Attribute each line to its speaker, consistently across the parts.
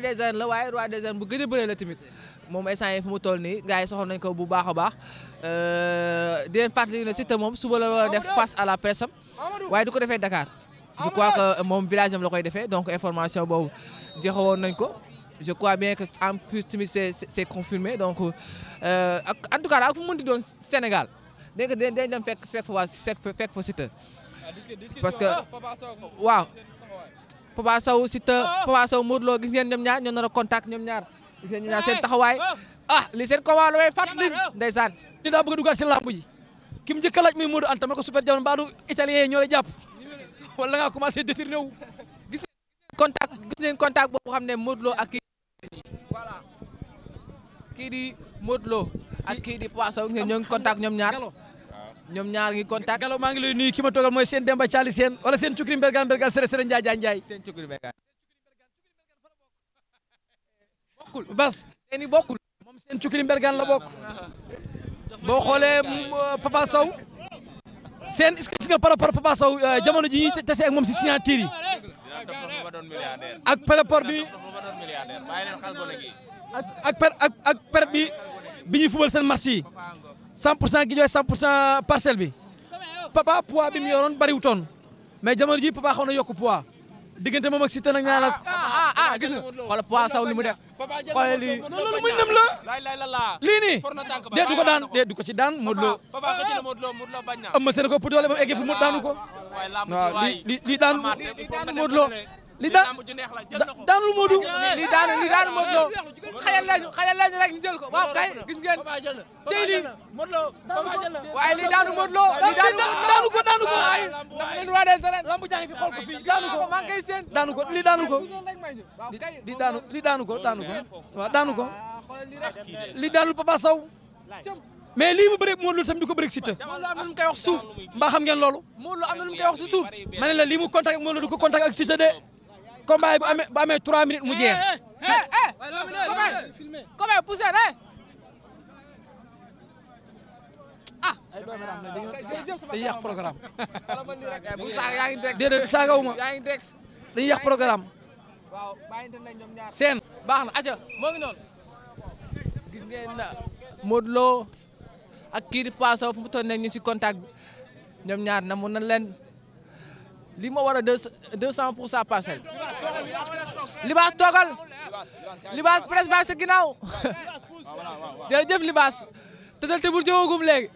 Speaker 1: roi des arènes la waaye roi des arènes bu gën a la tamit moom instant yi fu mu toll nii gars ko bu baax a baax di leen fàttali ne suba la def face à la presse am waaye du ko defee Dakar je crois que moom village am koy defee donc information boobu joxewoon nañ ko je crois bien que en plus tamit c'est donc ak en tout cas daal fu mu mënti doon Sénégal dégg nga dem fekk fekk fa waa fekk fa parce que waaw Papa Sow Siteu Papa Sow Modou Lo gis ngeen ñoom ñaar ñoo nar a contact ñoom ñaar gis ngeen ñaar seen taxawaay ah li seen combat la way fàttali ndeysaan ni daa bëgg a dugaat si làmb ji ki mu laaj muy Modou Anta ko super jamono mbaadu italien yi ñoo lay jàpp wala ngaa commencé détourné contact gis ngeen xam ne Modou Lo ak kii voilà kii di Modou Lo ak kii di ngeen ñoo ngi contact ñoom ñaar ñoom ñaar ngi contact Galo maa ngi lay nuyu ki ma toogal mooy seen Demba Thiali seen wala seen Cukri Mbergaan Mbergaan Sere Sere Njaay Njaay seen Cukri Mbergaan bokkul bas seeni bokkul moom seen Cukri Mbergaan la bokk boo xoolee mm, euh, Papa Sow seen est que gis nga par rapport Papa Sow euh, jamono ji ñuy tase moom si signature yi ak par rapport bi ak ak ak ak per bi bi ñuy fubal seen marché yi 100 pour cent Guédiawaye 100 pour cent parcelle bi papa poids bi mu yoroon bëriwu toon mais jamono ji papa xaw na yokk poids diggante moom ak Siteu nag ñaanal. Ah, ah, ah, gis nga xoolal poids li mu def. xoolal lii non loolu muy nem la. lii nii dee du ko daan dee du ko ci daan Modou Lo. am na seen ko pour doole ba mu eggee fu mu daanu ko. lii lii daanu Modou Lo. li daan daanul Modou li daan li daan Modou Lo xayal lañu xayal lañu rek ñu jël ko waaw kay gis ngeen tey lii waaye li daanu Modou Lo li daanu ko daanu ko ay ndax leen waa des arènes lamb jaa ngi fi xool ko fii daanu ko maa ngi koy seen daanu ko li daanu ko li daanu li daanu ko daanu ko waaw daanu ko ah, li daanu Papa Sow mais lii mu bëre Modou Lo tamit di ko bëre Siteu Modou Lo am na lu mu koy wax suuf mbaa xam ngeen loolu Modou Lo am na lu mu koy wax si suuf ma ne la lii mu contact Modou Lo di ko contact ak Siteu de combat bu amee bu amee 3 minutes mu jeex. combat poussé rek. ah. dañuy yàq programme. Eh, déedéet saagawuma dañuy yàq programme. seen. baax na aca moo ngi noonu. gis ngeen na Modou Lo ak kii di Paaso fu mu toll nii ñu si contact bi ñoom ñaar na mun na leen. lii ma war a deux deux cent pour cent parcelle libaas toogal libaas presse baa sa ginnaaw jërëjëf libaas tëddal tëbul jógagum léegi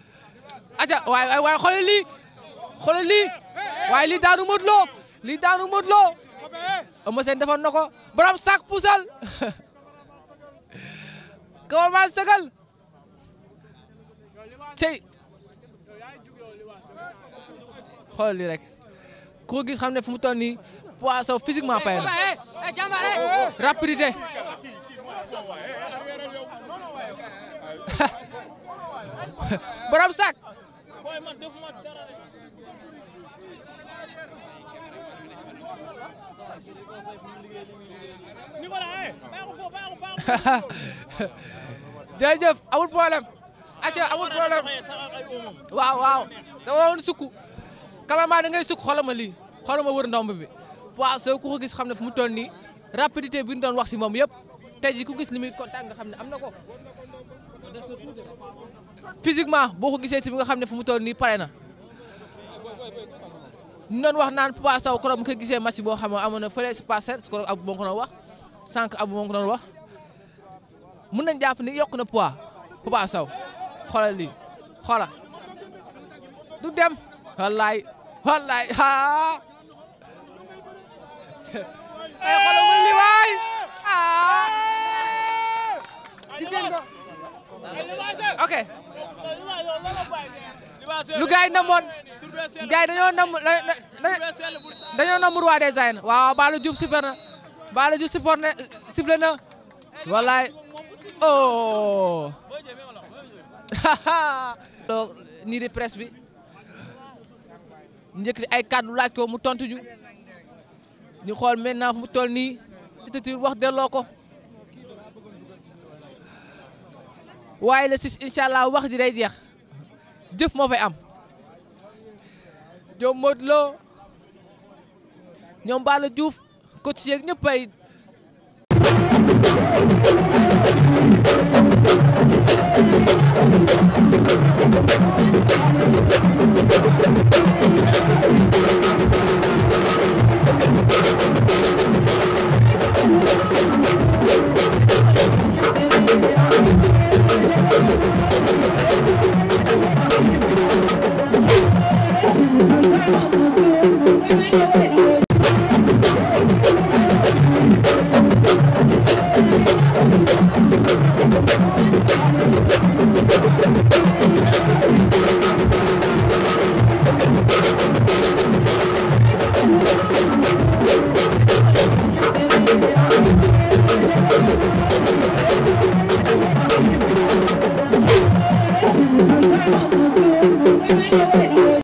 Speaker 1: aca waay waay xoolal lii xoolal lii waaye lii daanu Modou Lo lii daanu Modou Lo Eumeu Sène defoon na ko borom sac puusal kawamaan sëgal cey xoolal lii rek koo gis xam ne fu mu toll nii poisson physiquement pay la eh, eh, eh. rapidité borom sac jërëjëf amul problème. acca amul problème waaw waaw da woon sukk. cameraman da ngay sukk xoolal ma lii xoolal ma wër ndomb bi waaw soo ku ko gis xam ne fu mu toll nii rapidité bi ñu doon wax si moom yëpp tey jii ku gis li muy contact nga xam ne am na ko. physiquement boo ko gisee ci bi nga xam ne fu mu toll nii pare na ñu doon wax naan Papa Sow keroog mu ko gisee match boo xam ne amoon na fële si passé su keroog abu moo ko doon wax sànq abu moo ko doon wax mën nañ jàpp ni yokk na poids Papa Sow xoolal lii xoola du dem wallaay wallaay aa ay xool wul li waay aa lu gars yi namoon gars yi dañoo nam dañoo nam roi des arènes waaw Balla Diouf super na wallaay oh nii di bi ñu yëkkati ay kàddu laaj ko mu tontuñu ñu ñu xool maintenant mu toll nii dictature wax delloo ko waaye la six incha allah wax ji jeex jëf moo fay am ñoom Modou Lo ñoom Balla Diouf coach yeeg ñëpp ay